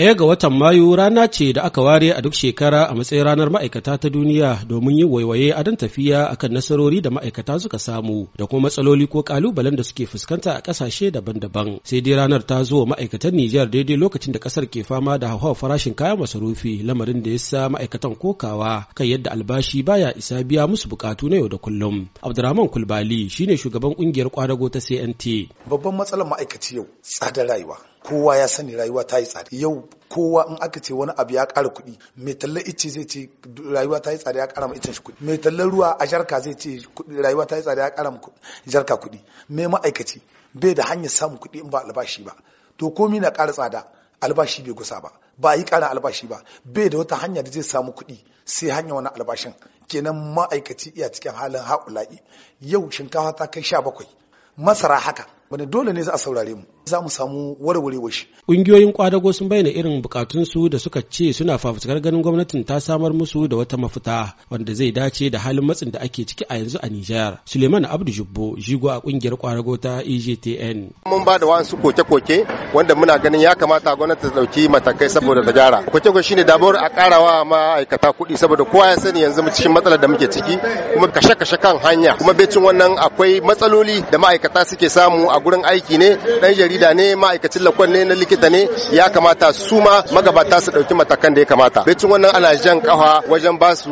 ɗaya ga watan Mayu rana ce da aka ware a duk shekara a matsayin ranar ma'aikata ta duniya domin yin waiwaye a don tafiya akan nasarori da ma'aikata suka samu da kuma matsaloli ko kalubalen da suke fuskanta a ƙasashe daban-daban. Sai dai ranar ta zo ma'aikatan Nijar daidai lokacin da ƙasar ke fama da hauhawar farashin kayan masarufi lamarin da ya sa ma'aikatan kokawa kan yadda albashi baya isa biya musu bukatu na yau da kullum. Abdurrahman Kulbali ne shugaban ƙungiyar kwadago ta CNT. Babban matsalar ma'aikaci yau tsadar rayuwa. kowa ya sani rayuwa ta yi tsari yau kowa in aka ce wani abu ya ƙara kuɗi mai talla ice zai ce rayuwa ta yi tsada ya ƙara ma icen shi kuɗi mai talla ruwa a jarka zai ce rayuwa ta yi tsada ya ƙara jarka kuɗi mai ma'aikaci bai da hanyar samun kuɗi in ba albashi ba to komi na ƙara tsada albashi bai gusa ba ba yi ƙarin albashi ba bai da wata hanya da zai samu kuɗi sai hanya wani albashin kenan ma'aikaci iya cikin halin haƙula'i yau shinkafa ta kai sha bakwai masara haka Wani dole ne za a saurare mu za mu samu warware shi ƙungiyoyin kwadago sun bayyana irin bukatunsu da suka ce suna fafutukar ganin gwamnatin ta samar musu da wata mafita wanda zai dace da halin matsin da ake ciki a yanzu a Nijar Suleiman Abdu Jubbo jigo a ƙungiyar kwadago ta EJTN mun ba da wasu koke-koke wanda muna ganin ya kamata gwamnati ta dauki matakai saboda ta gyara koke-koke shine dabar a karawa ma'aikata kuɗi saboda kowa ya sani yanzu mu cikin matsalar da muke ciki kuma kashe-kashe kan hanya kuma becin wannan akwai matsaloli da ma'aikata suke samu a gurin aiki ne dan jarida ne ma'aikacin lakon ne na likita ne ya kamata su ma magabata su dauki matakan da ya kamata becin wannan ana jan kafa wajen ba su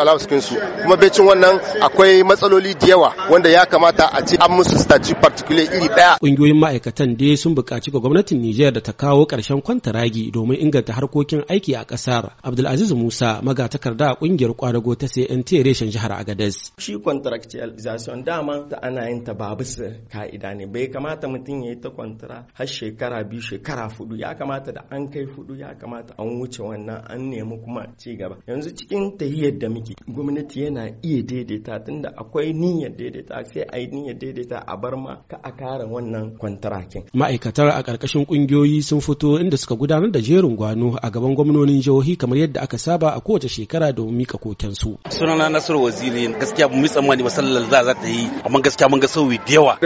alawuskin su kuma becin wannan akwai matsaloli da yawa wanda ya kamata a ci an musu statu particular iri daya kungiyoyin ma'aikatan dai sun buƙaci ga gwamnatin Nijar da ta kawo ƙarshen kwantaragi domin inganta harkokin aiki a ƙasar Abdulaziz Musa magatakarda a kungiyar kwadago ta CNT reshen jihar Agadez shi contractualization dama ta ana yin ta babu ka'ida ne bai kamata mutum ya yi ta kwantara har shekara biyu shekara hudu ya kamata da an kai hudu ya kamata an wuce wannan an nemi kuma ci gaba yanzu cikin tahiyar da muke gwamnati yana iya daidaita tunda akwai niyyar daidaita sai a yi niyyar daidaita a bar ma ka a kare wannan kwantarakin ma'aikatar a ƙarƙashin ƙungiyoyi sun fito inda suka gudanar da jerin gwano a gaban gwamnonin jihohi kamar yadda aka saba a kowace shekara domin mika su sunana nasiru waziri gaskiya mu tsammani masallar za ta yi amma gaskiya mun ga sauyi da yawa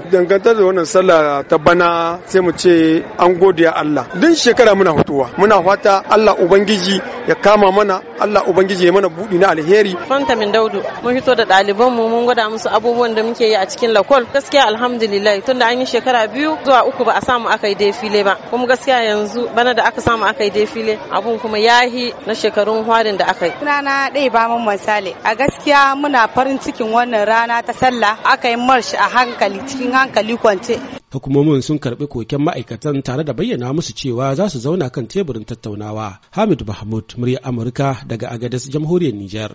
dangantar da wannan sallah ta bana sai mu ce an godiya Allah. Duk shekara muna hutuwa muna fata Allah Ubangiji ya kama mana Allah ubangiji ya mana buɗi na alheri fanta min daudu mun fito da ɗaliban mu mun gwada musu abubuwan da muke yi a cikin lakol gaskiya alhamdulillah tunda an yi shekara biyu zuwa uku ba a samu aka yi defile ba kuma gaskiya yanzu bana da aka samu aka yi defile abun kuma yahi na shekarun hwarin da aka yi sunana ɗaya ba mun misali a gaskiya muna farin cikin wannan rana ta sallah aka yi marsh a hankali cikin hankali kwance hukumomin sun karbi koken ma'aikatan tare da bayyana musu cewa za su zauna kan teburin tattaunawa hamid mahmud murya amurka daga agadas jamhuriyar Nijar.